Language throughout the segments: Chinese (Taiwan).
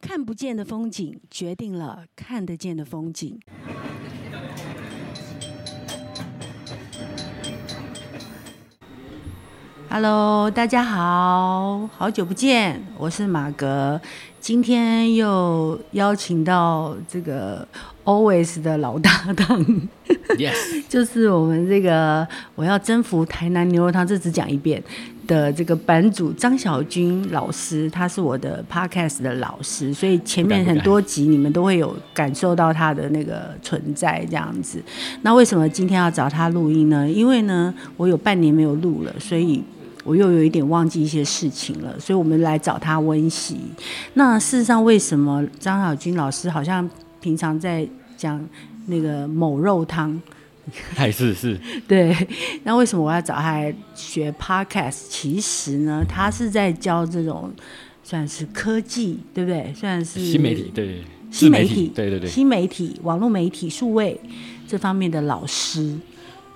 看不見的風景，決定了看得見的風景。Hello，大家好，好久不見，我是瑪格。今天又邀請到這個 Always 的老搭檔，Yes， 就是我們這個我要征服台南牛肉湯，這只講一遍的這個版主張小均老師，他是我的 Podcast 的老師，所以前面很多集你們都會有感受到他的那個存在這樣子。那為什麼今天要找他錄音呢？因為呢，我有半年沒有錄了，所以。我又有一點忘記一些事情了，所以我們來找他溫習。那事實上，為什麼張小均老師好像平常在講那個某肉湯？還是是 ？對。那為什麼我要找他學 Podcast？其實呢、嗯，他是在教這種算是科技，對不對？算是新媒體，對，對，對。新媒體，媒體，對對對，新媒體、網絡媒體、數位這方面的老師，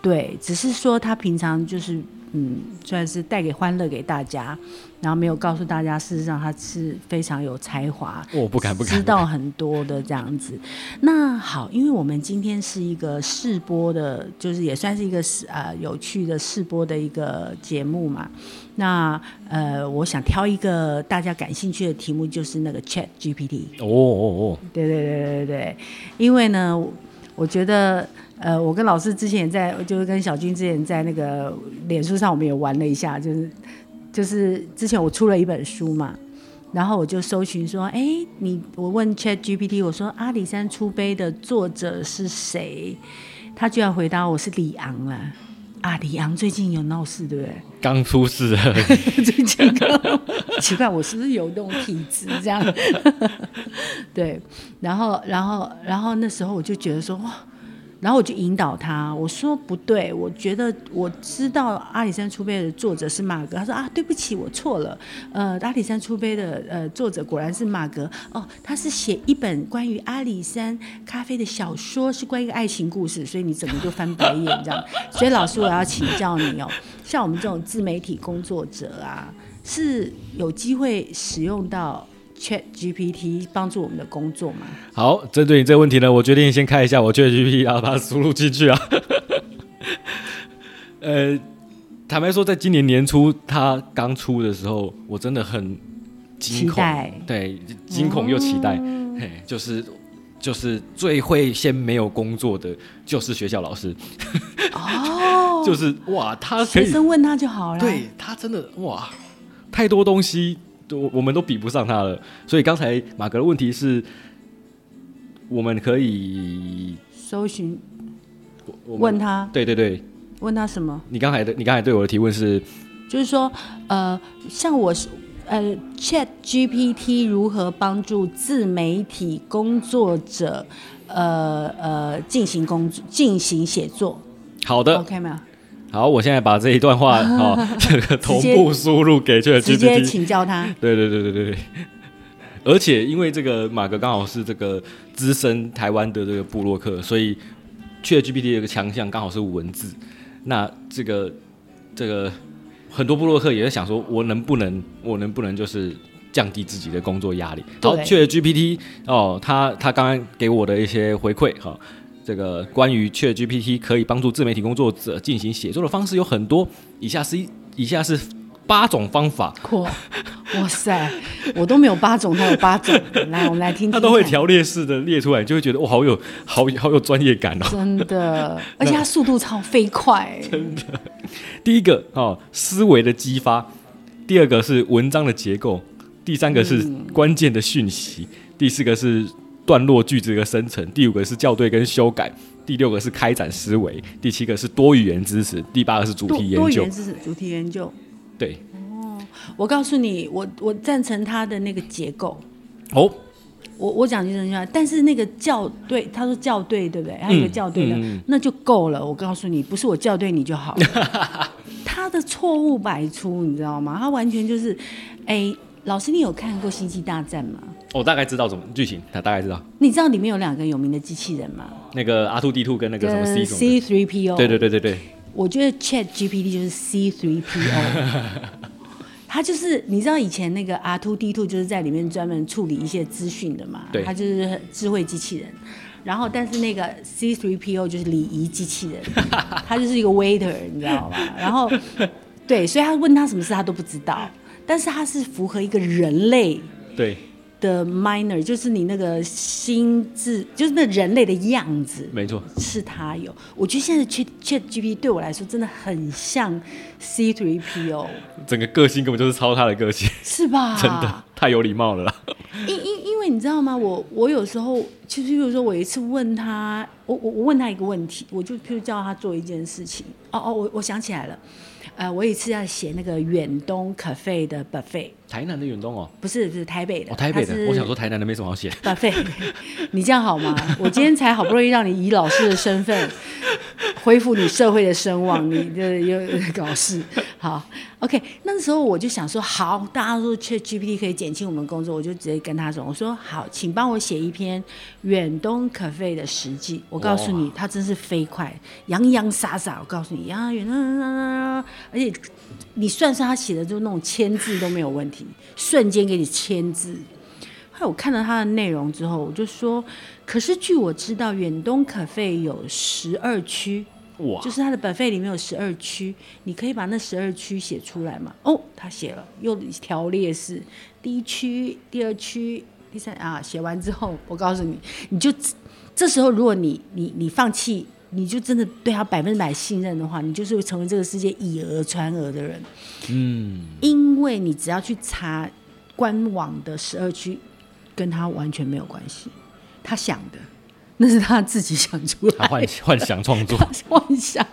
對，只是說他平常就是。嗯，算是帶給歡樂給大家，然後沒有告訴大家，事實上他是非常有才華，我不敢不敢知道很多的這樣子。 那好，因為我們今天是一個試播的，就是也算是一個呃有趣的試播的一個節目嘛。那呃，我想挑一個大家感興趣的題目，就是那個 Chat GPT。哦哦哦，對對對對對，因為呢，我覺得。呃，我跟老師之前也在，就是跟小均之前在那個臉書上，我們也玩了一下，就是就是之前我出了一本書嘛，然後我就搜尋說，哎、欸，你我問 Chat GPT，我說阿里山出杯的作者是誰？他居然回答我是李昂了、啊。啊，李昂最近有鬧事，對不對？剛出事， 最近剛，剛。 奇怪，我是不是有那種體質這樣？ 對，然後然後然後那時候我就覺得說，哇！然後我就引導他，我說不對，我覺得我知道阿里山出杯的作者是瑪格。他說啊，對不起，我錯了。呃，阿里山出杯的呃作者果然是瑪格。哦，他是寫一本關於阿里山咖啡的小說，是關於愛情故事，所以你怎麼就翻白眼這樣？所以老師，我要請教你哦， 像我們這種自媒體工作者啊，是有機會使用到。Chat GPT 幫助我們的工作嗎？好，針對你這個問題呢，我決定先開一下我 Chat GPT，然、啊、後把它輸入進去啊。 呃，坦白說，在今年年初他剛出的時候，我真的很驚恐，期待對，驚恐又期待。嗯、嘿，就是就是最會先沒有工作的，就是學校老師。哦、 oh,，就是哇，他學生問他就好了，對，他真的哇，太多東西。我我們都比不上他了，所以剛才瑪格的問題是，我們可以搜尋，我問他，對對對，問，問他什麼？你剛才的你剛才對我的提問是，就是說，呃，像我，呃，Chat GPT 如何幫助自媒體工作者，呃呃，進行工作進行寫作？好的，OK 嗎？好，我現在把這一段話這個、啊哦、同步輸入給這個 GPT。直接請教他。對對對對對，而且因為這個瑪格剛好是這個資深台灣的這個部落客，所以 Chat GPT 的一個強項剛好是文字。那這個這個很多部落客也在想說，我能不能我能不能就是降低自己的工作壓力？好，Chat、oh, okay. GPT 哦，他他剛剛給我的一些回饋哈。哦這個關於 ChatGPT 可以幫助自媒體工作者進行寫作的方式有很多，以下是一，以下是八種方法。哇塞， 我都沒有八種，他有八種。來，我們來聽聽。他都會條列式的列出來，就會覺得哇、哦，好有好有好有好有專業感哦。真的，而且他速度超飛快。真的，第一個哦，思維的激發；第二個是文章的結構；第三個是關鍵的訊息；嗯、第四個是。段落句子的生成，第五個是校對跟修改，第六個是開展思維，第七個是多語言知識，第八個是主題研究。多，多語言知識主題研究。對。哦，我告訴你，我我贊成他的那個結構。哦。我我講清楚一下，但是那個校對，他說校對，對不對？還、嗯、有一個校對的、嗯，那就夠了。我告訴你，不是我校對你就好了，他 的錯誤百出，你知道嗎？他完全就是，哎、欸，老師，你有看過《星際大戰》嗎？我大概知道什麼劇情，他大概知道。你知道裡面有兩個有名的機器人嗎？那個 R two D two 跟那個什麼 C、The、C three P O。對對對對。我覺得 Chat G P T 就是 C three P O， 他就是你知道以前那個 R two D two 就是在裡面專門處理一些資訊的嘛，對。他就是智慧機器人。然後但是那個 C three P O 就是禮儀機器人， 他就是一個 waiter，你知道嗎？ 然後對，所以他問他什麼事他都不知道，但是他是符合一個人類。對。的 minor 就是你那個心智，就是那人類的樣子，沒錯，是他有。我覺得現在 Chat Chat G P 對我來說真的很像 C three P O，、喔、整個個性根本就是抄他的個性，是吧？真的太有禮貌了。因因因為你知道嗎？我我有時候其實比如說我有一次問他，我我我問他一個問題，我就譬如叫他做一件事情。哦哦，我我想起來了，呃，我有一次要寫那個遠東 cafe 的 buffet。台南的遠東哦，不是，就是台北的。哦，台北的，我想說台南的沒什麼好寫。咖啡，你這樣好嗎？ 我今天才好不容易讓你以老師的身份 恢復你社會的聲望，你又又搞事。好，OK。那時候我就想說，好，大家都說 ChatGPT 可以減輕我們工作，我就直接跟他說，我說好，請幫我寫一篇遠東咖啡的食記，我告訴你哇哇，他真是飛快，洋洋灑灑。我告訴你啊，遠、嗯、東、嗯嗯嗯，而且你算算他寫的就那種千字都沒有問題。 瞬間給你簽字。我看到他的內容之後，我就說：“可是據我知道，遠東咖啡有十二區，哇，就是他的本費裡面有十二區，你可以把那十二區寫出來嗎？”哦，他寫了，又條列式：第一區、第二區、第三啊。寫完之後，我告訴你，你就這時候，如果你你你放棄。你就真的對他百分之百信任的話，你就是會成為這個世界以訛傳訛的人。嗯，因為你只要去查官網的十二區，跟他完全沒有關係。他想的，那是他自己想出來的，幻幻想創作，幻想。他幻想的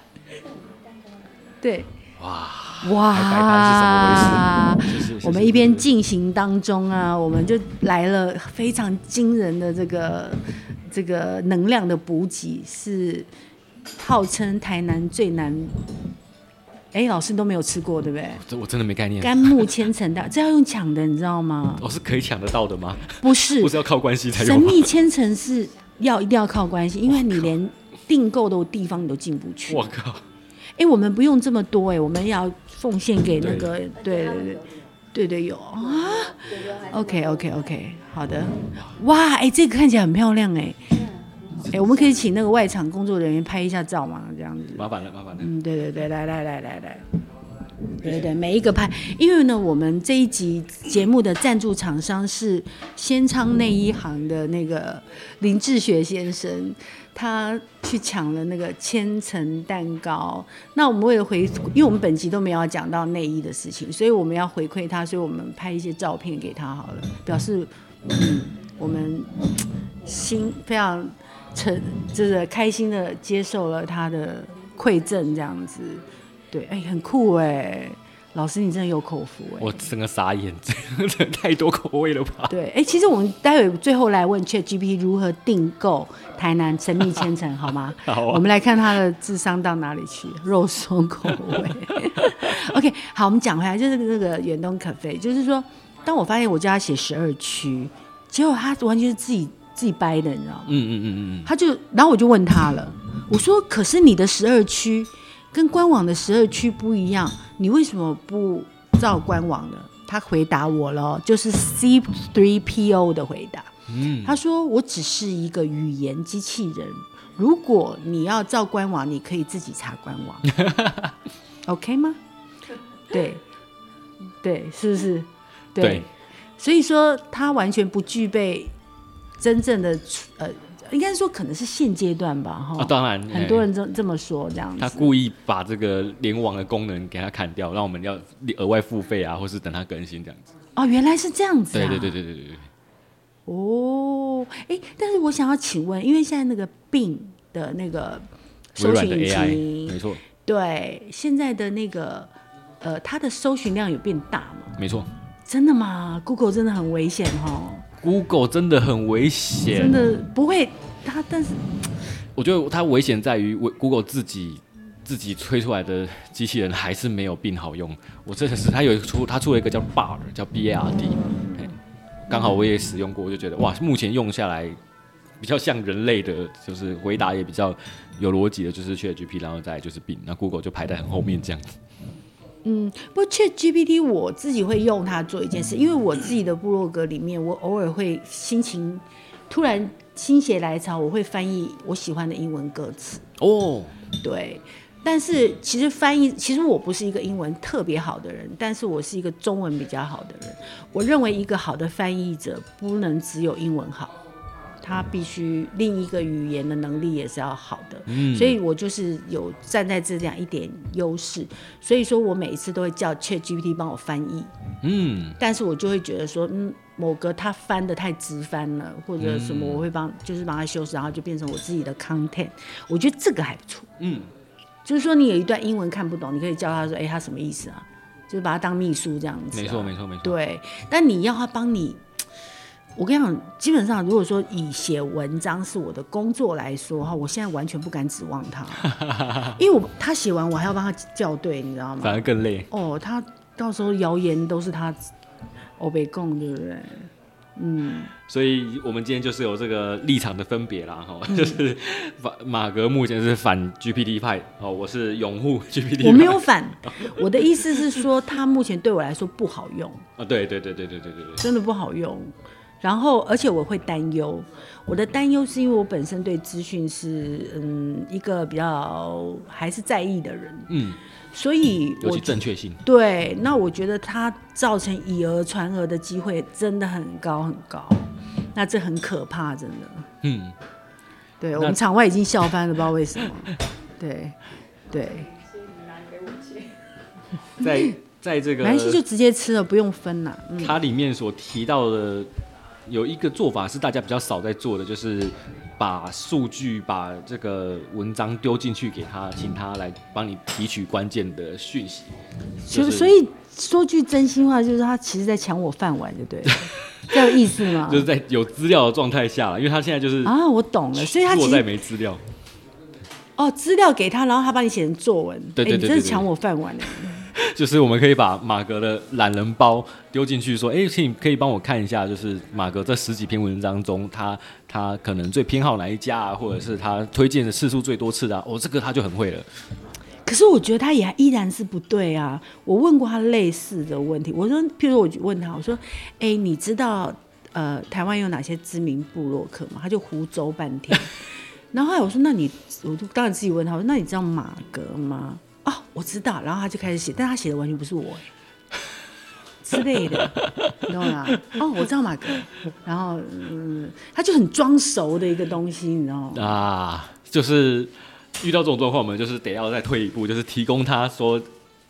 對，哇哇，百是什麼回事？ 我們一邊進行當中啊，我們就來了非常驚人的這個這個能量的補給是。號稱台南最難，哎，老師都沒有吃過，對不對？這我真的沒概念。甘沐千層的， 這要用搶的，你知道嗎？老、哦、師可以搶得到的嗎？不是， 不是要靠關係才用嗎？神秘千層是要一定要靠關係，因為你連訂購的地方你都進不去。我靠！哎，我們不用這麼多，哎，我們要奉獻給那個，對對對，對對，對對有啊。姐姐 OK OK OK，好的。嗯、哇，哎，這個看起來很漂亮誒，哎、嗯。哎，我們可以請那個外場工作人員拍一下照嗎？這樣子。麻煩了，麻煩了。嗯，對對對，來來來來對對對，每一個拍，因為呢，我們這一集節目的贊助廠商是仙昌內衣行的那個林志學先生，他去搶了那個千層蛋糕。那我們為了回，因為我們本集都沒有講到內衣的事情，所以我們要回饋他，所以我們拍一些照片給他好了，表示嗯， 我們心非常。成就是開心的接受了他的饋贈，這樣子，對，哎、欸，很酷哎、欸，老師你真的有口福哎、欸。我整個傻眼，真的太多口味了吧？對，哎、欸，其實我們待會最後來問 Chat GPT 如何訂購台南神秘千層， 好嗎？好、啊。我們來看他的智商到哪裡去，肉鬆口味。 OK，好，我們講回來，就是那個遠東咖啡，就是說，當我發現我叫他寫十二區，結果他完全是自己。自己掰的，你知道嗎？嗯嗯嗯嗯他就，然後我就問他了，我說：“可是你的十二區跟官網的十二區不一樣，你為什麼不照官網呢？”他回答我了，就是 C 3 P O 的回答。嗯，他說：“我只是一個語言機器人，如果你要照官網，你可以自己查官網 ，OK 嗎？對，對，是不是？對，對，所以說他完全不具備。”真正的呃，應該說可能是現階段吧，哈、啊。當然，很多人都這、欸、這麼說，這樣子。他故意把這個聯網的功能給他砍掉，讓我們要額外付費啊，或是等他更新這樣子。哦，原來是這樣子、啊。對對對對對對對。哦，哎、欸，但是我想要請問，因為現在那個 Bing 的那個搜尋引擎、微軟的 AI，沒錯。對，現在的那個呃，它的搜尋量有變大嗎？沒錯。真的嗎？Google 真的很危險哦。Google 真的很危險，真的不會，它，但是我覺得它危險在於，Google 自己自己吹出來的機器人還是沒有 Bing 好用。我這是它有出，它出了一個叫 Bar，叫 Bard，剛好我也使用過，我就覺得哇，目前用下來比較像人類的，就是回答也比較有邏輯的，就是 ChatGPT，然後再就是 Bing，那 Google 就排在很後面這樣子。嗯，不，Chat GPT 我自己會用它做一件事，因為我自己的部落格裡面，我偶爾會心情突然心血來潮，我會翻譯我喜歡的英文歌詞。哦、oh.，對，但是其實翻譯，其實我不是一個英文特別好的人，但是我是一個中文比較好的人。我認為一個好的翻譯者不能只有英文好。他必須另一個語言的能力也是要好的，嗯，所以我就是有站在這，這樣一點優勢，所以說我每一次都會叫 Chat GPT 幫我翻譯，嗯，但是我就會覺得說，嗯，某個他翻得太直翻了，或者什麼，我會幫、嗯、就是幫他修飾，然後就變成我自己的 content，我覺得這個還不錯，嗯，就是說你有一段英文看不懂，你可以叫他說，哎、欸，他什麼意思啊？就是把他當秘書這樣子、啊，沒錯沒錯沒錯，對，但你要他幫你。我跟你講，基本上如果說以寫文章是我的工作來說哈，我現在完全不敢指望他， 因為我他寫完我還要幫他校對，嗯，你知道嗎？反而更累哦。他到時候謠言都是他歐北共，對不對？嗯。所以，我們今天就是有這個立場的分別啦，哈，嗯，就是反馬格目前是反 GPT 派哦，我是擁護 GPT 派。我沒有反，哦，我的意思是說，他目前對我來說不好用啊。對，對對對對對對對對，真的不好用。然後，而且我會擔憂。我的擔憂是因為我本身對資訊是嗯一個比較還是在意的人，嗯，所以我、嗯、尤其正確性對。那我覺得他造成以訛傳訛的機會真的很高很高，那這很可怕，真的。嗯，對，我們場外已經笑翻了，不知道為什麼。 對，對。先拿給我去在在這個馬溪就直接吃了，不用分了、啊。它、嗯、裡面所提到的。有一個做法是大家比較少在做的，就是把數據、把這個文章丟進去給他，請他來幫你提取關鍵的訊息。所、就是、所以說句真心話，就是他其實在搶我飯碗對，對不對？這樣有意思嗎？就是在有資料的狀態下，因為他現在就是啊，我懂了，所以他其實在沒資料。哦，資料給他，然後他幫你寫成作文，對對對對對對欸、你這是搶我飯碗嘞、欸。 就是我們可以把馬格的懶人包丟進去，說：“哎、欸，請你可以幫我看一下，就是馬格這十幾篇文章中，他他可能最偏好哪一家啊，或者是他推薦的次數最多次的、啊、我、哦、這個他就很會了。可是我覺得他也依然是不對啊。我問過他類似的問題，我說，譬如我就問他，我說：，哎、欸，你知道呃台灣有哪些知名部落客嗎？他就胡謅半天。 然後後來我說：，那你，我當然自己問他我說：，那你知道馬格嗎？哦、啊，我知道，然後他就開始寫，但他寫的完全不是我，之 類的， 你知道嗎？哦，我知道馬哥，然後、嗯，他就很裝熟的一個東西，你知道嗎？啊，就是遇到這種狀況，我們就是得要再退一步，就是提供他說，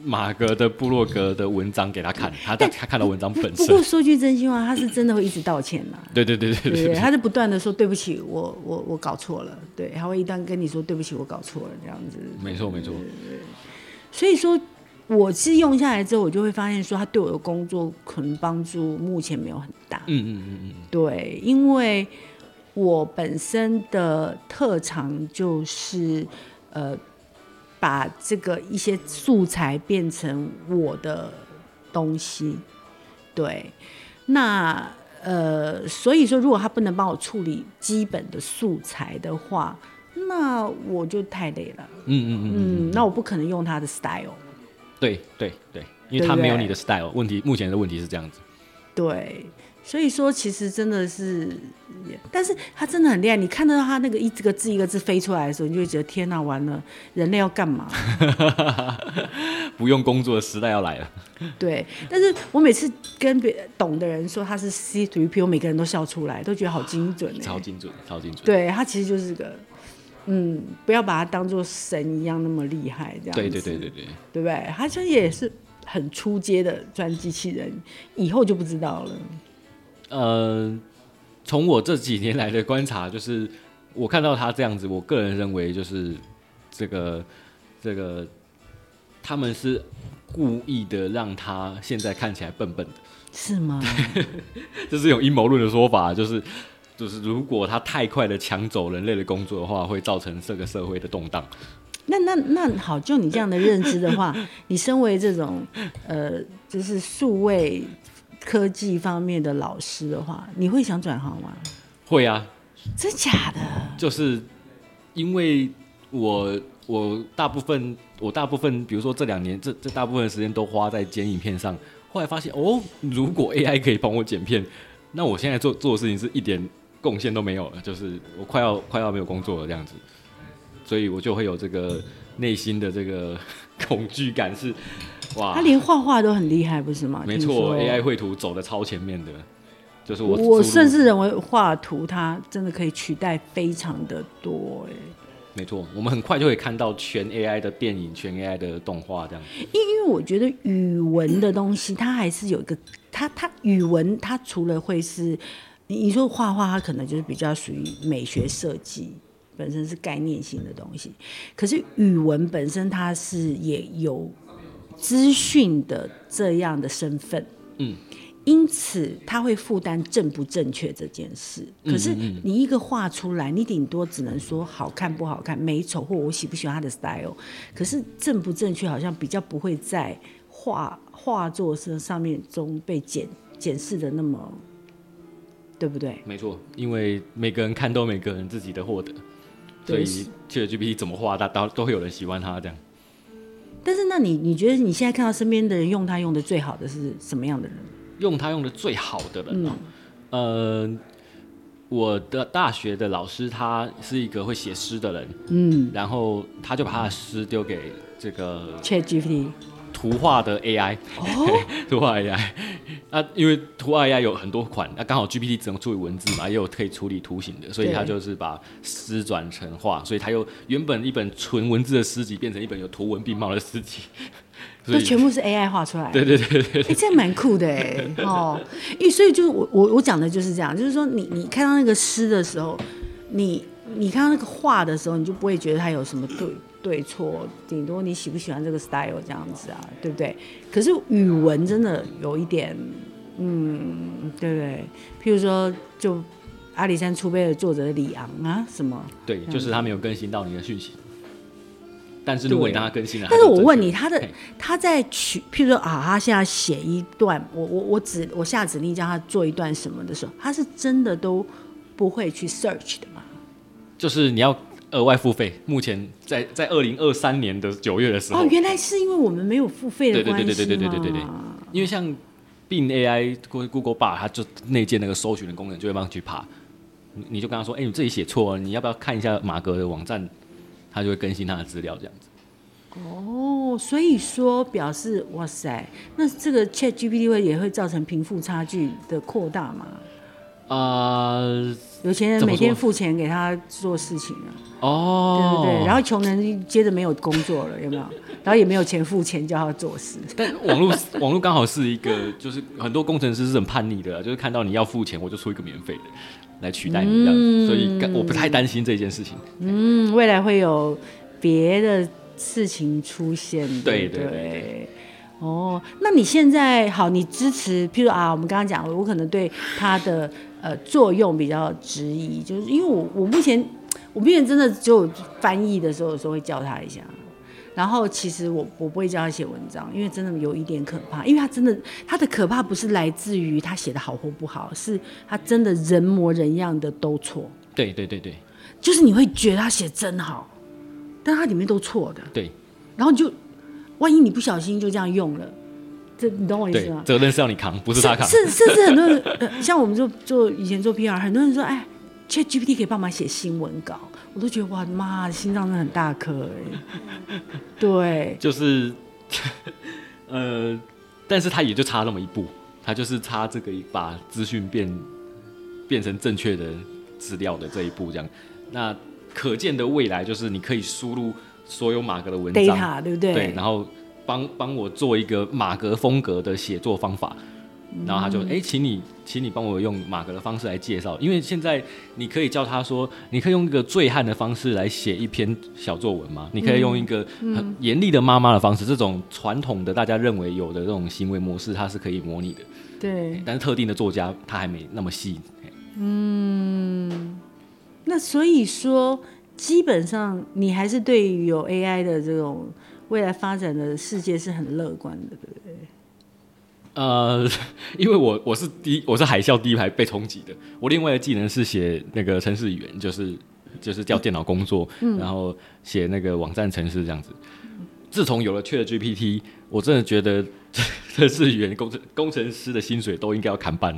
瑪格的部落格的文章給他看，他他看到文章本身。不過說句真心話，他是真的會一直道歉吶 對對對對對，對，他是不斷的說對不起，我我我搞錯了，對，他會一旦跟你說對不起，我搞錯了這樣子。沒錯沒錯。所以說，我是用下來之後，我就會發現說，他對我的工作可能幫助目前沒有很大。嗯嗯嗯嗯，嗯。對，因為我本身的特長就是呃。把這個一些素材變成我的東西，對，那呃，所以說如果他不能幫我處理基本的素材的話，那我就太累了。嗯嗯嗯，嗯，嗯，嗯，那我不可能用他的 style 對。對對對，因為他沒有你的 style 對對。問題目前的問題是這樣子。對。所以說，其實真的是，yeah，但是他真的很厲害。你看得到他那個一個字一個字飛出來的時候，你就會覺得天吶、啊，完了，人類要幹嘛？ 不用工作的時代要來了。對，但是我每次跟別懂的人說他是 C-3PO，每個人都笑出來，都覺得好精準。超精準，超精準。對他其實就是個，嗯，不要把它當做神一樣那麼厲害，這樣。對，對對對對對。對不對？他其實也是很初階的專機器人，以後就不知道了。呃，從我這幾年來的觀察，就是我看到他這樣子，我個人認為就是這個這個他們是故意的讓他現在看起來笨笨的，是嗎？這、就是有陰謀論的說法，就是就是如果他太快的搶走人類的工作的話，會造成這個社會的動盪。那那那好，就你這樣的認知的話， 你身為這種呃，就是數位。科技方面的老師的話，你會想轉行嗎？會啊。真假的？就是因為我我大部分我大部分，比如說這兩年這這大部分的時間都花在剪影片上，後來發現哦，如果 AI 可以幫我剪片，那我現在做做的事情是一點貢獻都沒有了，就是我快要快要沒有工作了這樣子，所以我就會有這個內心的這個恐懼感是。他連畫畫都很厲害，不是嗎？沒錯，AI 繪圖走的超前面的，就是我。我甚至認為畫圖它真的可以取代非常的多，哎，沒錯，我們很快就可以看到全 AI 的電影、全 AI 的動畫這樣。因因為我覺得語文的東西，它還是有一個，它它語文它除了會是，你你說畫畫它可能就是比較屬於美學設計本身是概念性的東西，可是語文本身它是也有，資訊的這樣的身份，嗯，因此他會負擔正不正確這件事嗯嗯嗯。可是你一個畫出來，你頂多只能說好看不好看、美醜或我喜不喜歡他的 style。可是正不正確好像比較不會在畫畫作上上面中被檢檢視的那麼，對不對？沒錯，因為每個人看都每個人自己的獲得，所以 ChatGPT、就是、怎麼畫，大都都會有人喜歡他這樣。但是，那你你覺得你現在看到身邊的人用他用的最好的是什麼樣的人？用他用的最好的人，嗯、呃，我的大學的老師他是一個會寫詩的人，嗯，然後他就把他的詩丟給這個 ChatGPT。圖畫的 AI，、oh? 圖畫 AI，、啊、因為圖畫 AI 有很多款，那、啊、剛好 GPT 只能處理文字嘛，也有可以處理圖形的，所以它就是把詩轉成畫，所以它又原本一本純文字的詩集變成一本有圖文並茂的詩集，就全部是 AI 畫出來的，對對對對，對，哎、欸，這樣蠻酷的哎， 哦，因為所以就我我我講的就是這樣，就是說你看你，你看到那個詩的時候，你你看到那個畫的時候，你就不會覺得它有什麼對。對錯，頂多你喜不喜歡這個 style 這樣子啊，對不對？可是語文真的有一點，嗯，對不對？譬如說，就阿里山出碑的作者李昂啊，什麼？對，就是他沒有更新到你的訊息。但是如果你讓他更新了，但是我問你，他的他在取，譬如說啊，他現在寫一段，我我我指我下指令叫他做一段什麼的時候，他是真的都不會去 search 的嗎？就是你要額外付費，目前在在二零二三年的九月的時候，哦，原來是因為我們沒有付費的關係嗎？對對對，對，對對對，因為像 Bing AI Google Bard 它就內建那個搜尋的功能，就會幫去爬。你你就跟他說，哎、欸，你自己寫錯、了，你要不要看一下瑪格的網站？他就會更新他的資料這樣子。哦，所以說表示，哇塞，那這個 Chat GPT 會也會造成貧富差距的擴大嗎？啊、uh，有錢人每天付錢給他做事情啊，哦，oh. 對對對，然後窮人接着沒有工作了，有沒有？然後也沒有錢付錢叫他做事。 但網絡網絡剛好是一個，就是很多工程師是很叛逆的，就是看到你要付錢，我就出一個免費的來取代你這樣子、嗯、所以我不太擔心這件事情。嗯，未來會有別的事情出現。對對對,對。哦，oh, 那你現在好，你支持，譬如啊，我們剛剛講，我可能對他的。呃，作用比較質疑，就是因為我我目前我目前真的只有翻譯的時候，有時候會叫他一下。然後其實我我不會教他寫文章，因為真的有一點可怕。因為他真的，他的可怕不是來自於他寫的好或不好，是他真的人模人樣的都錯。對對對對，就是你會覺得他寫真好，但他裡面都錯的。對，然後你就萬一你不小心就這樣用了。這你懂我意思嗎？責任是要你扛，不是他扛。是是是，是很多人，呃、像我們就做做以前做 PR，很多人說，哎，Chat GPT 可以幫忙寫新聞稿，我都覺得哇媽，心臟是很大顆哎。對。就是，呃，但是他也就差那麼一步，他就是差這個把資訊變變成正確的資料的這一步，這樣。那可見的未來就是你可以輸入所有馬格的文章，data 對不對？對，然後。幫幫我做一個瑪格風格的寫作方法，然後他就哎、嗯，欸，請你，請你幫我用瑪格的方式來介紹。因為現在你可以叫他說，你可以用一個醉漢的方式來寫一篇小作文嗎、嗯？你可以用一個很嚴厲的媽媽的方式，嗯、這種傳統的大家認為有的這種行為模式，它是可以模擬的。對，但是特定的作家他還沒那麼細。嗯，那所以說，基本上你還是對於有 AI 的這種。未來發展的世界是很樂觀的，對不對？呃，因為我我是第一，我是海嘯第一排被衝擊的。我另外的技能是寫那個程式語言，就是就是叫電腦工作，嗯、然後寫那個網站程式這樣子、嗯。自從有了 Chat GPT，我真的覺得程式、嗯、語言工程工程師的薪水都應該要砍半，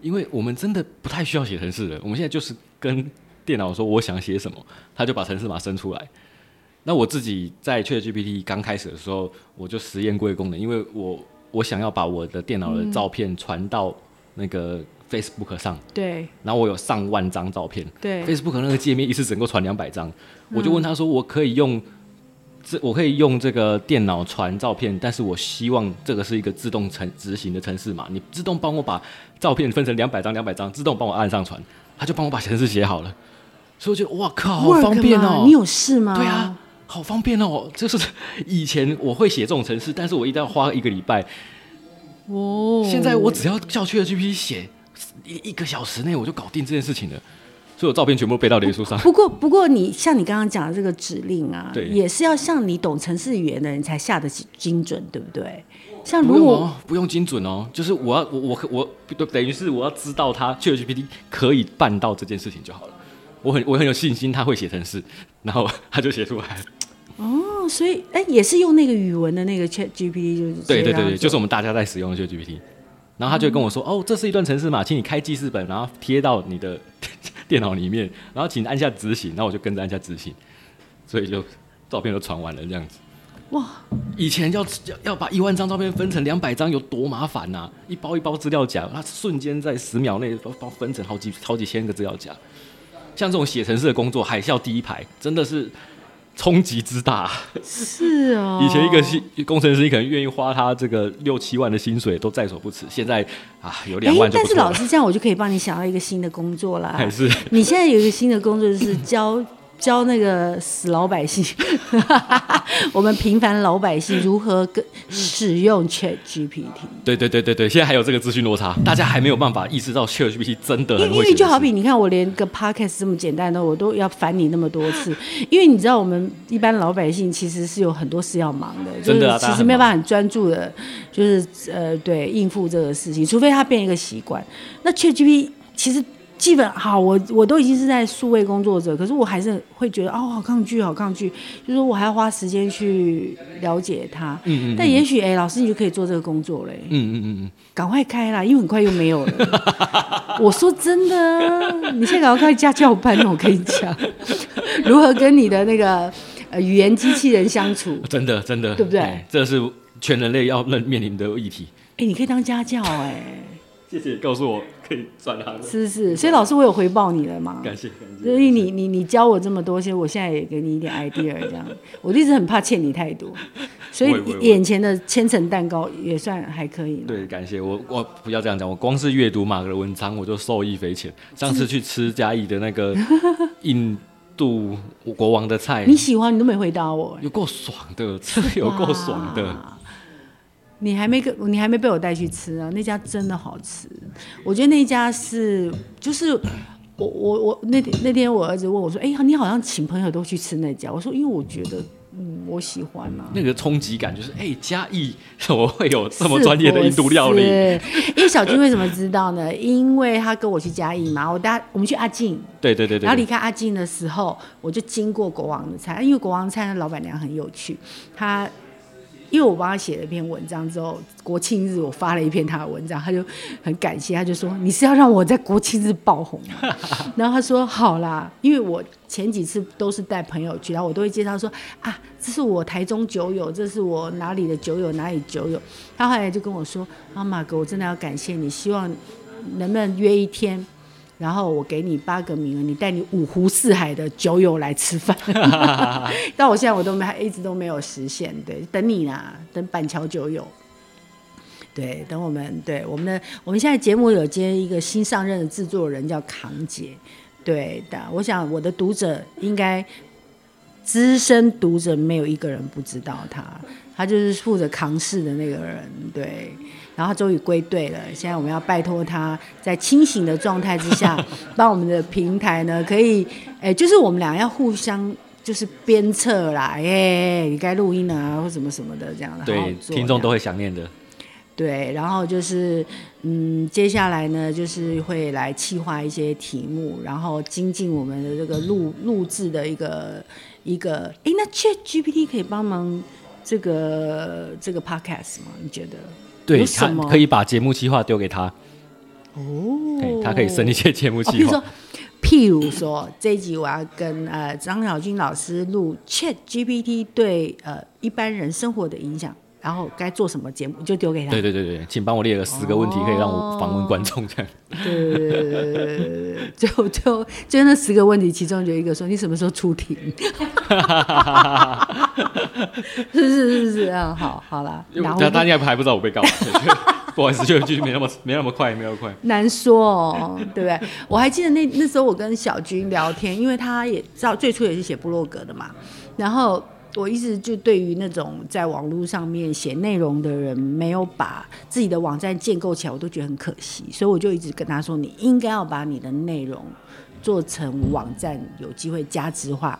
因為我們真的不太需要寫程式人。我們現在就是跟電腦說我想寫什麼，他就把程式碼生出來。那我自己在 ChatGPT 剛開始的時候，我就實驗過一個功能，因為我我想要把我的電腦的照片傳到那個 Facebook 上、嗯，對，然後我有上萬張照片，對，Facebook 那個界面一次只能傳兩百張，我就問他說，我可以用、嗯、這我可以用這個電腦傳照片，但是我希望這個是一個自動成執行的程式嘛，你自動幫我把照片分成兩百張兩百張，自動幫我按上傳，他就幫我把程式寫好了，所以我覺得哇靠，好方便哦、喔，你有事嗎？對啊。好方便哦！就是以前我會寫這種程式，但是我一定要花一個禮拜。哦、oh,，現在我只要叫 ChatGPT 寫，一一個小時內我就搞定這件事情了，所以我照片全部背到臉書上不。不過，不過你像你剛剛講的這個指令啊，對，也是要像你懂程式語言的人才下得起精準，對不對？像如果不用,、哦、不用精準哦，就是我要我我我,我，等等於是我要知道它 ChatGPT 可以辦到這件事情就好了。我很我很有信心，他會寫程式，然後他就寫出來。哦、oh,，所以哎、欸，也是用那個語文的那個 Chat GPT，就是對對對就是我們大家在使用的 Chat GPT。然後他就跟我說、嗯：“哦，這是一段程式嘛，請你開記事本，然後貼到你的 電腦裡面，然後請你按下執行。”然後我就跟着按下執行，所以就照片都傳完了這樣子。哇，以前要要要把一萬張照片分成兩百張有多麻煩吶、啊？一包一包資料夾，那瞬間在十秒內都分成好幾好幾千個資料夾。像這種寫程式的工作，海嘯第一排真的是衝擊之大，是哦。以前一個工程師，你可能願意花他這個六七萬的薪水都在所不辭，現在啊有兩萬。哎、欸，但是老師這樣，我就可以幫你想要一個新的工作啦。還、欸、是你現在有一個新的工作，就是教。 教那個死老百姓 我們平凡老百姓如何跟使用 Chat GPT？、嗯、對對對對對，現在還有這個資訊落差，大家還沒有辦法意識到 Chat GPT 真的。因，因為就好比你看，我連個 podcast 這麼簡單的，我都要煩你那麼多次，因為你知道我們一般老百姓其實是有很多事要忙的，就是其實沒有辦法很專注的，就是呃對應付這個事情，除非他變一個習慣。那 Chat GPT 其實。基本好，我我都已經是在數位工作者，可是我還是會覺得哦，好抗拒，好抗拒，就是說我還要花時間去了解他。嗯嗯，嗯。但也許哎、欸，老師你就可以做這個工作嘞。嗯嗯嗯嗯。趕快開啦，因為很快又沒有了。 我說真的，你現在趕快開家教班，我可以講如何跟你的那個、呃、語言機器人相處。真的真的，對不對？對？這是全人類要面臨的議題。哎、欸，你可以當家教哎。謝謝，告訴我。轉行是是，所以老師，我有回報你了嗎？感謝感謝。所以、就是、你你你教我這麼多，些，我現在也給你一點 idea，這樣。 我一直很怕欠你太多，所以眼前的千層蛋糕也算還可以。對，感謝我我不要這樣講，我光是閱讀瑪格的文章，我就受益匪淺。上次去吃嘉義的那個印度國王的菜， 你喜歡你都沒回答我、欸，有夠爽的，有夠爽的。你還沒跟，你還沒被我帶去吃啊？那家真的好吃，我覺得那家是，就是我我我那天那天我兒子問我說：“哎、欸，你好像請朋友都去吃那家。”我說：“因為我覺得、嗯、我喜歡嘛、啊。”那個衝擊感就是：“哎、欸，嘉義怎麼會有這麼專業的印度料理？”是是 因為小均為什麼知道呢？因為他跟我去嘉義嘛。我帶我們去阿靜，對對對，對對對，然後離開阿靜的時候，我就經過國王的菜，因為國王菜的餐老板娘很有趣，她。因為我幫他寫了一篇文章之後，國慶日我發了一篇他的文章，他就很感謝，他就說你是要讓我在國慶日爆紅嗎，然後他說好啦，因為我前幾次都是帶朋友去，然後我都會介紹說啊，這是我台中酒友，這是我哪裡的酒友，哪裡酒友，他後,後來就跟我說，啊，瑪格我真的要感謝你，希望能不能約一天。然後我給你八個名額，你帶你五湖四海的酒友來吃飯。 到我現在我都沒還一直都沒有實現，對，等你啦，等板橋酒友，對，等我們對我們的我們現在節目有接一個新上任的製作人叫康姐，對的，我想我的讀者應該。資深讀者沒有一個人不知道他，他就是負責扛事的那個人，對。然後他終於歸隊了，現在我們要拜託他，在清醒的狀態之下， 幫我們的平台呢，可以，哎，就是我們倆要互相就是鞭策啦，哎、欸欸、你該錄音啊，或什麼什麼的這樣的。對，聽眾都會想念的。對，然後就是，嗯，接下來呢，就是會來企劃一些題目，然後精進我們的這個錄錄製的一個。一個哎，那 Chat GPT 可以幫忙這個這個 Podcast 嗎？你覺得？對，他可以把節目計劃丟給他哦，他可以生一些節目計劃。哦，譬如說，譬如說，這一集我要跟呃張小均老師錄 Chat GPT 對呃一般人生活的影響。然後該做什麼節目就丟給他。對對對對，請幫我列了十個問題，可以讓我訪問觀眾這樣、哦。 對對對對對對對對，就就就那十個問題，其中就一個說：“你什麼時候出庭？” 是是是是這樣，樣好好啦。然後大家還，還不知道我被告、啊 覺得。不好意思，就一句沒那麼 沒那麼快，沒有快。難說哦，對不對？我還記得那那時候我跟小均聊天，因為他也知道最初也是寫部落格的嘛，然後。我一直就對於那種在網絡上面寫內容的人，沒有把自己的網站建構起來，我都覺得很可惜。所以我就一直跟他說，你應該要把你的內容做成網站，有機會加值化。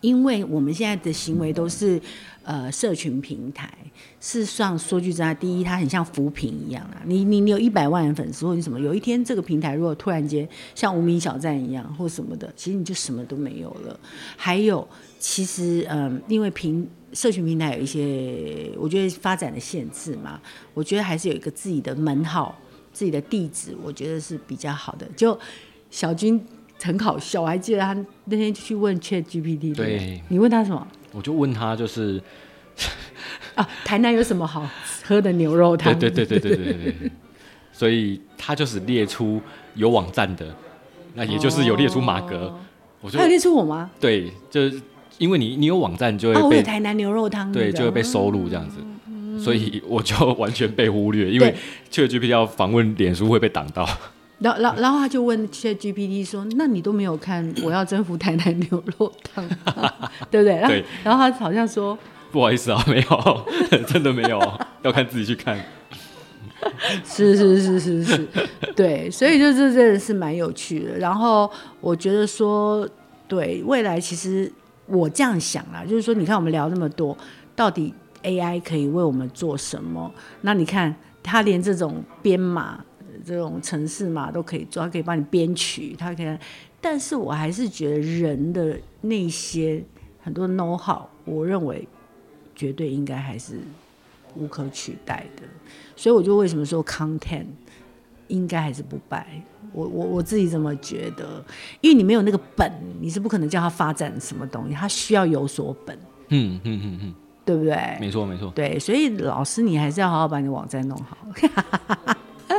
因為我們現在的行為都是呃，社群平台事實上說句真的，第一，它很像扶貧一樣啊。你你你有一百萬人粉絲，或者你什麼，有一天這個平台如果突然間像無名小站一樣，或什麼的，其實你就什麼都沒有了。還有。其實，嗯，因為平社群平台有一些，我覺得發展的限制嘛，我覺得還是有一個自己的門號、自己的地址，我覺得是比較好的。就小均很好笑，我還記得他那天去問 ChatGPT，對,對,對，你問他什麼？我就問他，就是啊， 台南有什麼好喝的牛肉湯？對對對對對對對對。 所以他就是列出有網站的，那也就是有列出馬格，哦、他有列出我嗎？對，就。因為你你有網站就會被，啊、台南牛肉湯、那個，對，就會被收錄這樣子，嗯，所以我就完全被忽略，嗯，因為 ChatGPT 要訪問臉書會被擋到。然後然後他就問 ChatGPT 說：“那你都沒有看我要征服台南牛肉湯，啊？ 對不對，然後對？”然後他好像說：“不好意思啊，沒有，真的沒有， 要看自己去看。”是是是是是，對，所以就是真的是蠻有趣的。然後我覺得說，對未來其實。我這樣想啦，就是說，你看我們聊那麼多，到底 AI 可以為我們做什麼？那你看，它連這種編碼、呃、這種程式碼都可以做，它可以幫你編曲，它可以。但是我還是覺得人的那些很多 know how，我認為絕對應該還是無可取代的。所以我就為什麼說 content。應該還是不敗，我我我自己這麼覺得，因為你沒有那個本，你是不可能叫他發展什麼東西，他需要有所本。嗯嗯嗯，對不對？沒錯沒錯。對，所以老師你還是要好好把你的網站弄好。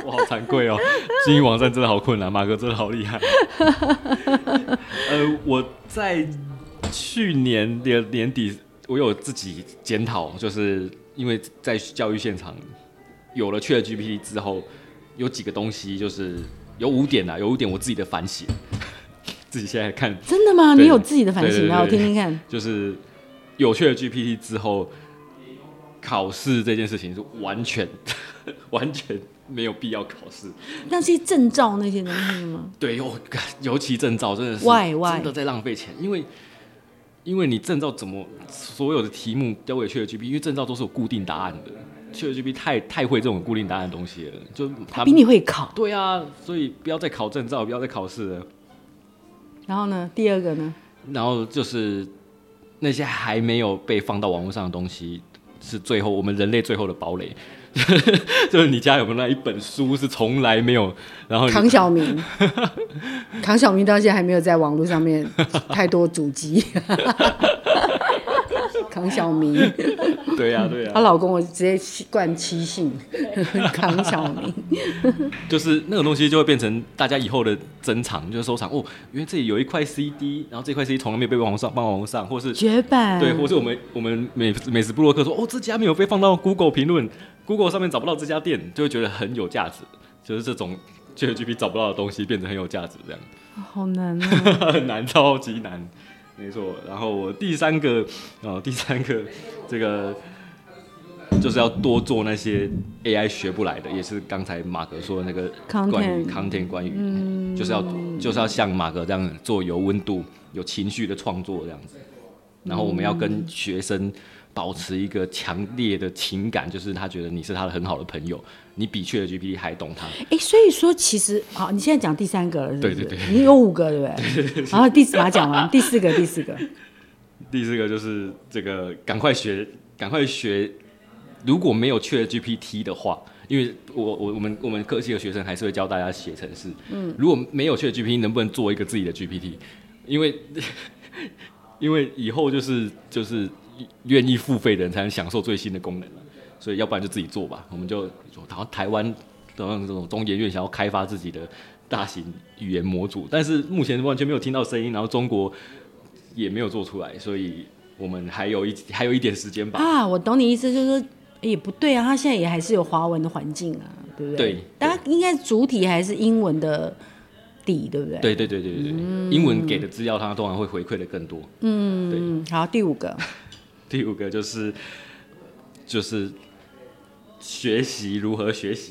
我 好慚愧哦，經 營網站真的好困難，瑪格真的好厲害。 呃，我在去年的年底，我有自己檢討，就是因為在教育現場有了 ChatGPT 之後。有幾個東西，就是有五點啦、啊。有五點我自己的反省，自己現在看。真的嗎？你有自己的反省嗎？我聽聽看。就是有 ChatGPT 之後，考試這件事情是完全完全沒有必要考試。但是證照那些東西嗎？對，尤尤其證照真的是 Why? Why? 真的在浪費錢，因為因為你證照怎麼所有的題目交給 ChatGPT，因為證照都是有固定答案的。去 H B 太太會這種固定答案的東西了，就他們，他比你會考。對啊，所以不要再考證照，不要再考試了。然後呢，第二個呢，然後就是那些還沒有被放到網絡上的東西，是最後我們人類最後的堡壘。 就是你家有沒有那一本書是從來沒有，然後唐小明， 唐小明到現在還沒有在網絡上面太多主機。 康小明， 對呀、啊、對呀，她老公我直接冠其姓，康小明，就是那種東西就會變成大家以後的珍藏，就是收藏哦，因為這裡有一塊 CD，然後這塊 CD 從來沒有被網上，被網上，或是絕版，對，或是我們我們每美，美食部落客說哦，這家沒有被放到 Google 評論，Google 上面找不到這家店，就會覺得很有價值，就是這種 GPT 找不到的東西變成很有價值這樣，好難啊、喔， 很難，超級難。沒錯，然後我第三個，哦，第三個，這個就是要多做那些 AI 學不來的，也是剛才瑪格說的那個關於 content，content 關於、嗯，就是要就是要像瑪格這樣做有溫度、有情緒的創作這樣子，然後我們要跟學生，.保持一個強烈的情感，就是他覺得你是他的很好的朋友，你比 ChatGPT 還懂他。哎，所以說其實好、哦，你現在講第三個了是不是？對對對，對，你有五個對不對？對對對對，然後第四個講完？ 第四個，第四個。第四個就是這個，趕快學，趕快學。如果沒有 ChatGPT 的話，因為我我我們我們科系的學生還是會教大家寫程式。嗯，如果沒有 ChatGPT，能不能做一個自己的 GPT？因為因為以後就是就是。願意付費的人才能享受最新的功能啊，所以要不然就自己做吧。我們就然後台灣的這種中研院想要開發自己的大型語言模組，但是目前完全沒有聽到聲音。然後中國也沒有做出來，所以我們還有一還有一點時間吧。啊，我懂你意思，就是說也不對啊，他現在也還是有華文的環境啊，對不對？對,對但應該主體還是英文的底，對不對？對對對對對，嗯、英文給的資料,他當然會回饋的更多。嗯對，好，第五個。第五個就是，就是學習如何學習，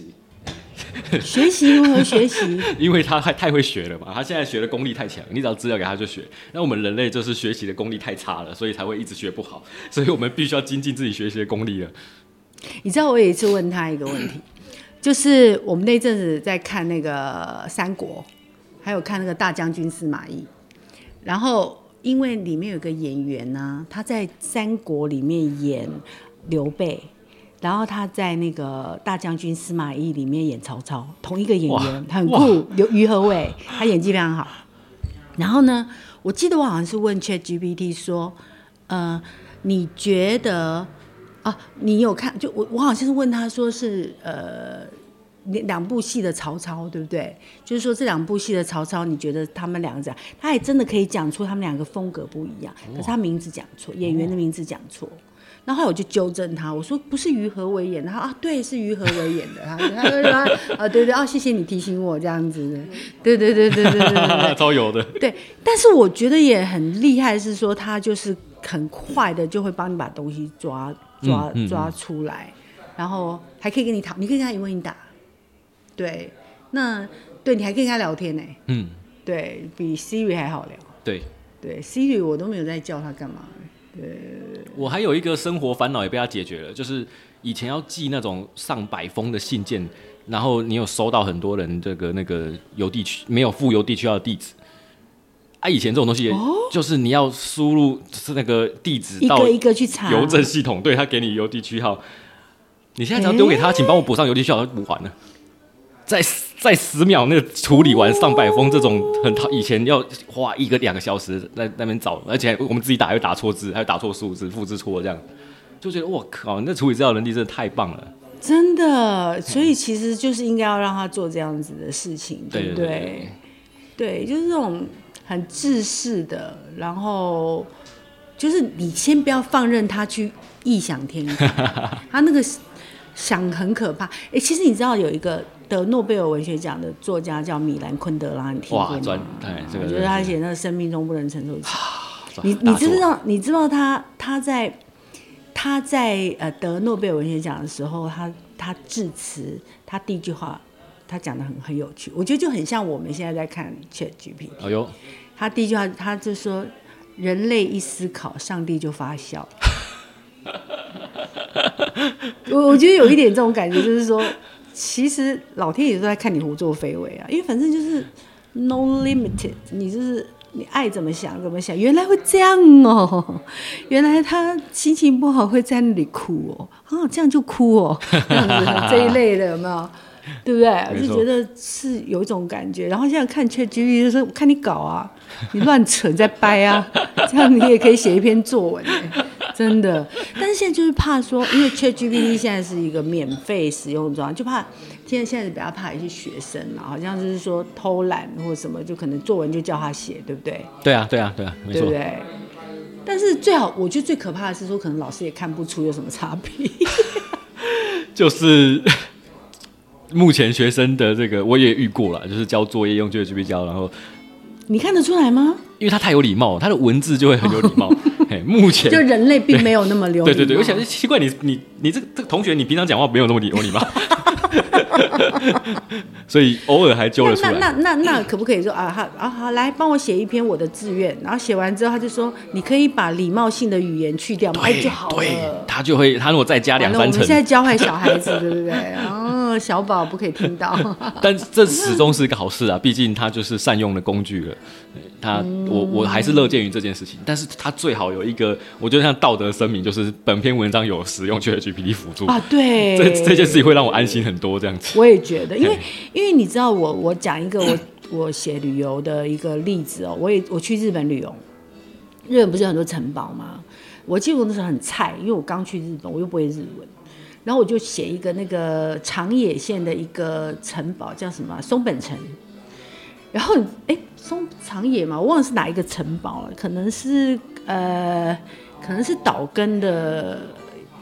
學習如何學習， 因為他太太會學了嘛，他現在學的功力太強，你找資料給他就學。那我們人類就是學習的功力太差了，所以才會一直學不好。所以我們必須要精進自己學習的功力了。你知道我有一次問他一個問題， 就是我們那陣子在看那個《三國》，還有看那個大將軍司馬懿，然後。因為裡面有一個演員呢、啊，他在《三國》裡面演劉備，然後他在那個大將軍司馬懿裡面演曹操，同一個演員，他很酷，劉於和偉，他演技非常好。然後呢，我記得我好像是問 ChatGPT 說，呃，你覺得啊，你有看就我我好像是問他說是呃。兩部戲的曹操，對不對？就是說這兩部戲的曹操，你覺得他們兩個怎樣？他也真的可以講出他們兩個風格不一樣。可是他名字講錯，演員的名字講錯，然後我就糾正他，我說不是於和偉演，然後他啊，對，是於和偉演的。他 說啊，對對、對，哦、啊，謝謝你提醒我這樣子的，對、對對對對對對，對、對、對 超有的。對，但是我覺得也很厲害，是說他就是很快的就會幫你把東西抓抓抓出來，嗯嗯，然後還可以跟你討，你可以跟他一問一答。對，那對，你還跟人家聊天呢、欸？嗯，對，比 Siri 還好聊。對，對 Siri 我都沒有再叫他幹嘛。對。我還有一個生活煩惱也被他解決了，就是以前要寄那種上百封的信件，然後你有收到很多人這個那個郵遞區沒有附郵遞區號的地址。啊，以前這種東西，就是你要輸入是那個地址，一個一個去查郵政系統，對，他給你郵遞區號。你現在只要丟給他，欸、請幫我補上郵遞區號，不還了。在在十秒內處理完上百封這種很、哦、以前要花一個兩個小時在，在那邊找，而且我們自己打又打錯字，還打錯數字，複製錯這樣，就覺得我靠，你這處理資料能力真的太棒了，真的。所以其實就是應該要讓他做這樣子的事情， 對不對，對？對，對，對，對，就是這種很制式的，然後就是你先不要放任他去異想天開， 他那個想很可怕。哎、欸，其實你知道有一個。得諾貝爾文學獎的作家叫米蘭昆德拉，你聽過嗎？我覺得他寫那《生命中不能承受之輕》啊，你你知道你知道他他在他在呃得諾貝爾文學獎的時候，他他致辭，他第一句話他講得很很有趣，我覺得就很像我們現在在看 Chat GPT、哎。他第一句話他就說：“人類一思考，上帝就發笑。”我我覺得有一點這種感覺，就是說。 其實老天爺都在看你胡作非為啊，因為反正就是 no limited，你就是你愛怎麼想怎麼想。原來會這樣哦，原來他心情不好會在那裡哭哦，啊，這樣就哭哦，這，這一類的有沒有？對不對？我就覺得是有一種感覺。然後現在看 ChatGPT，就是說我看你搞啊，你亂扯你在掰啊， 這樣你也可以寫一篇作文，真的。但是現在就是怕說，因為 ChatGPT 現在是一個免費使用狀，就怕現在現在是比較怕一些學生了，啊，好像就是說偷懶或什麼，就可能作文就叫他寫，對不對？對啊，對啊，對啊，沒錯。對，對。但是最好，我覺得最可怕的是說，可能老師也看不出有什麼差別。 就是。目前學生的這個我也遇過了，就是交作業用就是 GPT 交，然後你看得出來嗎？因為他太有禮貌，他的文字就會很有禮貌。 目前就人類並沒有那麼流對。對對對，我想就奇怪，你你你這個這個同學，你平常講話沒有那麼流禮貌， 所以偶爾還揪出來了。那那那那，那可不可以說啊，啊？好啊好，來幫我寫一篇我的志願，然後寫完之後他就說，你可以把禮貌性的語言去掉，哎、啊、就好了。對，他就會他如果再加兩三，我們現在教壞小孩子， 對不對？啊小寶不可以聽到， 但這始終是一個好事啊！畢 竟，他就是善用的工具了。他，嗯、我我還是樂見於這件事情。但是他最好有一個，我覺得像道德聲明，就是本篇文章有使用 ChatGPT 輔助啊。對，這這件事情會讓我安心很多。這樣子，我也覺得，因為因為你知道我，我我講一個我我寫旅遊的一個例子哦、喔。我也我去日本旅遊，日本不是有很多城堡嗎？我記得我那時候很菜，因為我剛去日本，我又不會日文。然後我就寫一個那個長野縣的一個城堡，叫什麼松本城。然後，哎，松長野嘛，我忘了是哪一個城堡了啊，可能是呃，可能是島根的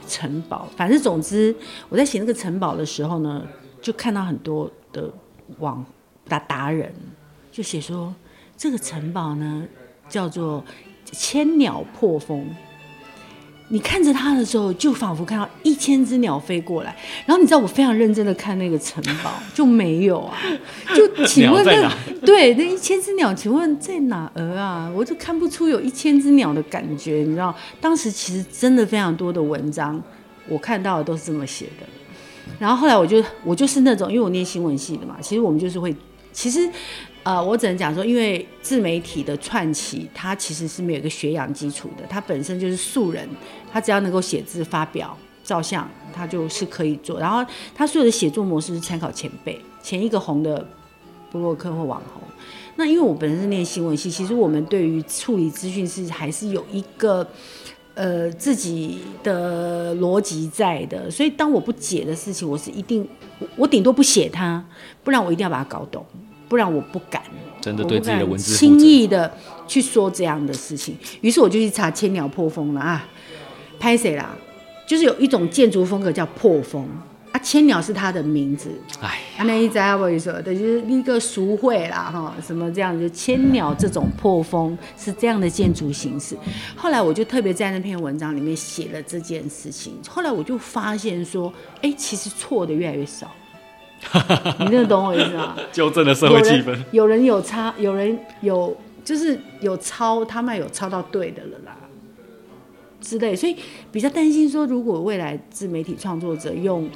城堡。反正總之，我在寫那個城堡的時候呢，就看到很多的網達達人就寫說，這個城堡呢叫做千鳥破風。你看着它的時候，就仿佛看到一千隻鳥飛過來。然後你知道我非常認真的看那個城堡，就沒有啊？就請問那在哪兒，對那一千隻鳥，請問在哪兒啊？我就看不出有一千隻鳥的感覺。你知道，當時其實真的非常多的文章，我看到的都是這麼寫的。然後後來我就我就是那種，因為我念新聞系的嘛，其實我們就是會，其實。呃，我只能講說，因為自媒體的竄起，它其實是沒有一個學養基礎的，它本身就是素人，他只要能夠寫字、發表、照相，他就是可以做。然後他所有的寫作模式是參考前輩，前一個紅的部落客或網紅。那因為我本身是念新聞系，其實我們對於處理資訊是還是有一個呃自己的邏輯在的。所以當我不解的事情，我是一定我，我頂多不寫它，不然我一定要把它搞懂。不然我不敢，真的對自己的文字負責，輕易的去說這樣的事情。於 是我就去查“千鳥破風”了啊，拍誰啦？就是有一種建築風格叫破風啊，千鳥是它的名字。哎，那一直啊，我跟你說，就是一個俗會啦，哈，什麼這樣？就千鳥這種破風是這樣的建築形式，嗯。後來我就特別在那篇文章裡面寫了這件事情。後來我就發現說，哎，欸，其實錯的越來越少。 你真的懂我意思嗎？糾正了社會氣氛。有，有人有抄，有人有就是有抄，他們有抄到對的了啦之類，所以比較擔心說，如果未來自媒體創作者用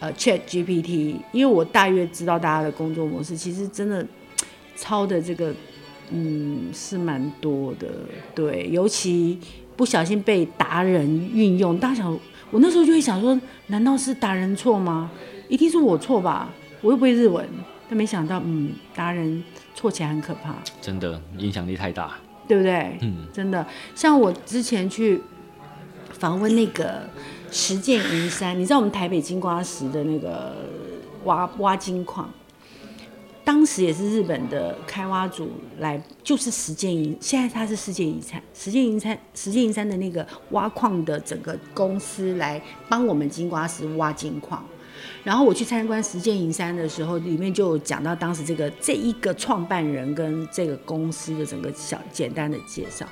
呃 Chat GPT，因為我大約知道大家的工作模式，其實真的抄的這個嗯是蠻多的，對，尤其不小心被達人運用，大家想我那時候就會想說，難道是達人錯嗎？一定是我錯吧？我又不會日文，但沒想到，嗯，達人錯起來很可怕。真的，影響力太大，對不對？嗯，真的。像我之前去訪問那個石見銀山，你知道我們台北金瓜石的那個挖挖金礦。當時也是日本的開挖組來，就是石見銀，現在他是世界遺產，石見銀山，石見銀山的那個挖礦的整個公司來幫我們金瓜石挖金礦，然後我去參觀石見銀山的時候，裡面就有講到當時這個這一個創辦人跟這個公司的整個小簡單的介紹，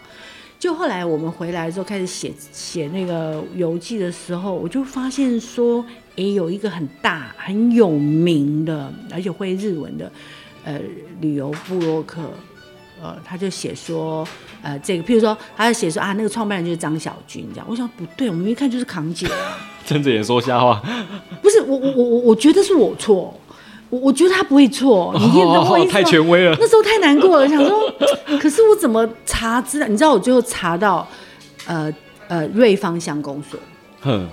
就後來我們回來之後開始寫寫那個遊記的時候，我就發現說。也有一個很大很有名的，而且會日文的，呃，旅遊部落客，呃，他就寫說，呃，這個，譬如說，他就寫說啊，那個創辦人就是張小均，這樣，我想不對，我們一看就是扛姐，睜着眼說瞎話，不是，我我我我我覺得是我錯，我我覺得他不會錯， 你太權威了，那時候太難過了， 想說，可是我怎麼查資料？你知道我最後查到，呃呃，瑞芳鄉公所，哼。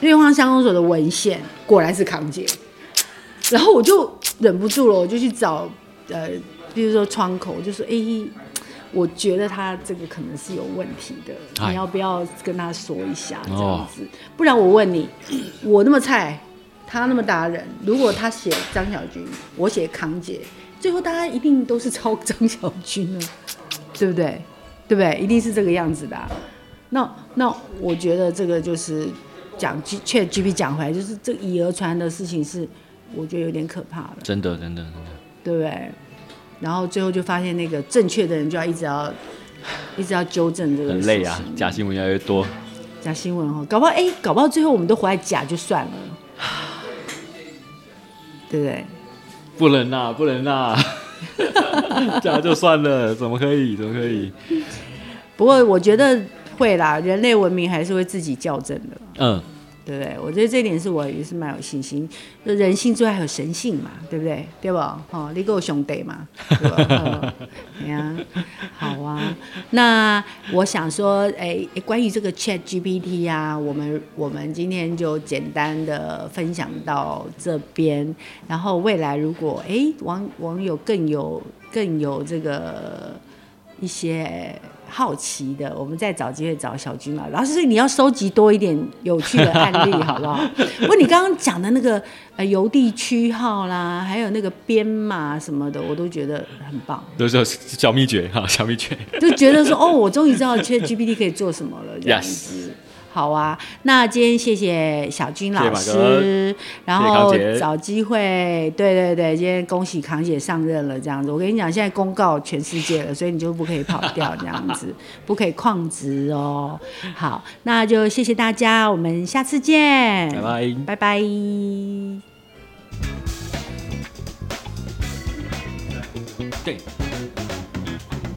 瑞芳相防所的文獻果然是康姐，然後我就忍不住了，我就去找呃，比如說窗口，我就說：“哎，我覺得他這個可能是有問題的，哎、你要不要跟他說一下、哦？這樣子，不然我問你，我那麼菜，他那麼大人，如果他寫張小均，我寫康姐，最後大家一定都是抄張小均呢，對不對？對不對？一定是這個樣子的、啊。那那我覺得這個就是。”講卻 GPT 講回來，就是這以訛傳訛的事情是，我覺得有點可怕的。真的，真的，真的，對不對？然後最後就發現那個正確的人就要一直要，一直要糾正這個。很累啊，假新聞越來越多。假新聞哦，搞不好哎、欸，搞不好最後我們都回來假就算了，對，對不對？不能吶、啊，不能吶、啊， 假就算了，怎麼可以？怎麼可以？不過我覺得。會啦，人類文明還是會自己校正的。嗯，對不對？我覺得這點是我也是蠻有信心。人性之外還有神性嘛，對不對？對吧？哦，你跟我兄弟嘛，對吧、？ 嗯。對啊，好啊。那我想說，哎，關於這個 Chat GPT 啊，我們我們今天就簡單的分享到這邊。然後未來如果哎網網友更有更有這個一些。好奇的，我們再找機會找小均嘛。然後所以你要收集多一點有趣的案例， 好不好？不過你剛剛講的那個呃郵遞區號啦，還有那個編碼什麼的，我都覺得很棒。都、就是小祕訣哈、啊，小祕訣，就覺得說哦，我終於知道這些 GPT 可以做什麼了， 這樣好啊，那今天謝謝小均老師謝謝，然後找機會謝謝。對對對，今天恭喜康姐上任了這樣子。我跟你講，現在公告全世界了， 所以你就不可以跑掉這樣子， 不可以曠職哦。好，那就謝謝大家，我們下次見，拜拜，拜拜。Yeah.